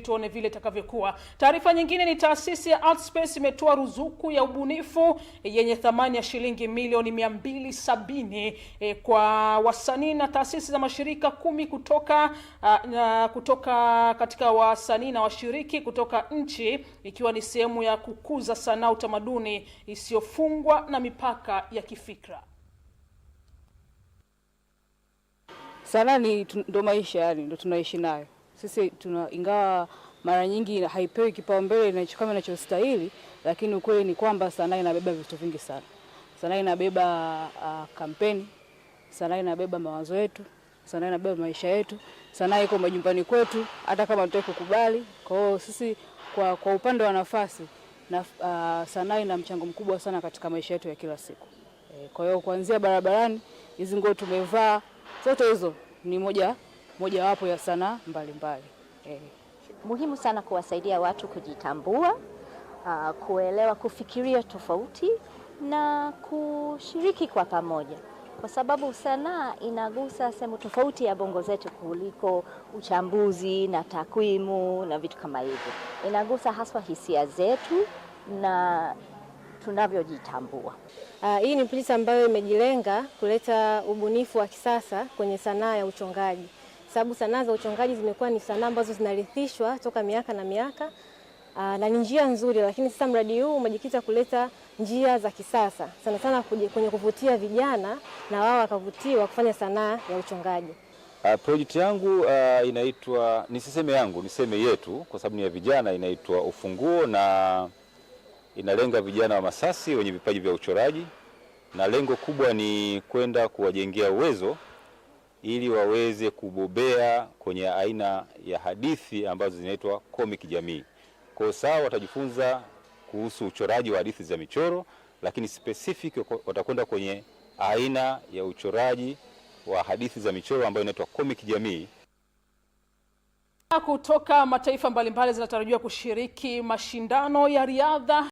Tuone vile itakavyokuwa. Taarifa nyingine ni taasisi ya Artspace imetoa ruzuku ya ubunifu yenye thamani ya shilingi milioni mia mbili sabini e, kwa wasanii na taasisi za mashirika kumi kutoka ah, a, a, kutoka katika wasanii na washiriki kutoka nchi, ikiwa ni sehemu ya kukuza sanaa, utamaduni isiyofungwa na mipaka ya kifikra. Sanaa ni ndo maisha, yani ndo tunaishi nayo sisi tuna ingawa mara nyingi haipewi kipaumbele kama inachostahili, lakini ukweli ni kwamba sanaa inabeba vitu vingi sana. Sanaa inabeba uh, kampeni, sanaa inabeba mawazo yetu, sanaa inabeba maisha yetu, sanaa iko majumbani kwetu hata kama tutaki kukubali. Kwa hiyo sisi kwa, kwa upande wa nafasi na, uh, sanaa ina mchango mkubwa sana katika maisha yetu ya kila siku. E, kwa hiyo kuanzia barabarani hizi nguo tumevaa zote hizo ni moja mojawapo ya sanaa mbalimbali eh. Muhimu sana kuwasaidia watu kujitambua, uh, kuelewa, kufikiria tofauti na kushiriki kwa pamoja, kwa sababu sanaa inagusa sehemu tofauti ya bongo zetu kuliko uchambuzi na takwimu na vitu kama hivyo. Inagusa haswa hisia zetu na tunavyojitambua. Uh, hii ni picha ambayo imejilenga kuleta ubunifu wa kisasa kwenye sanaa ya uchongaji sababu sanaa za uchongaji zimekuwa ni sanaa ambazo zinarithishwa toka miaka na miaka aa, ah, na ni njia nzuri, lakini sasa mradi huu umejikita kuleta njia za kisasa sana sana kwenye kuvutia vijana na wao wakavutiwa kufanya sanaa ya uchongaji. Uh, project yangu uh, inaitwa nisiseme yangu niseme yetu, kwa sababu ni ya vijana, inaitwa Ufunguo na inalenga vijana wa Masasi wenye vipaji vya uchoraji, na lengo kubwa ni kwenda kuwajengea uwezo ili waweze kubobea kwenye aina ya hadithi ambazo zinaitwa comic jamii. Kwa sawa, watajifunza kuhusu uchoraji wa hadithi za michoro, lakini specific watakwenda kwenye aina ya uchoraji wa hadithi za michoro ambayo inaitwa comic jamii. Kutoka mataifa mbalimbali zinatarajiwa kushiriki mashindano ya riadha.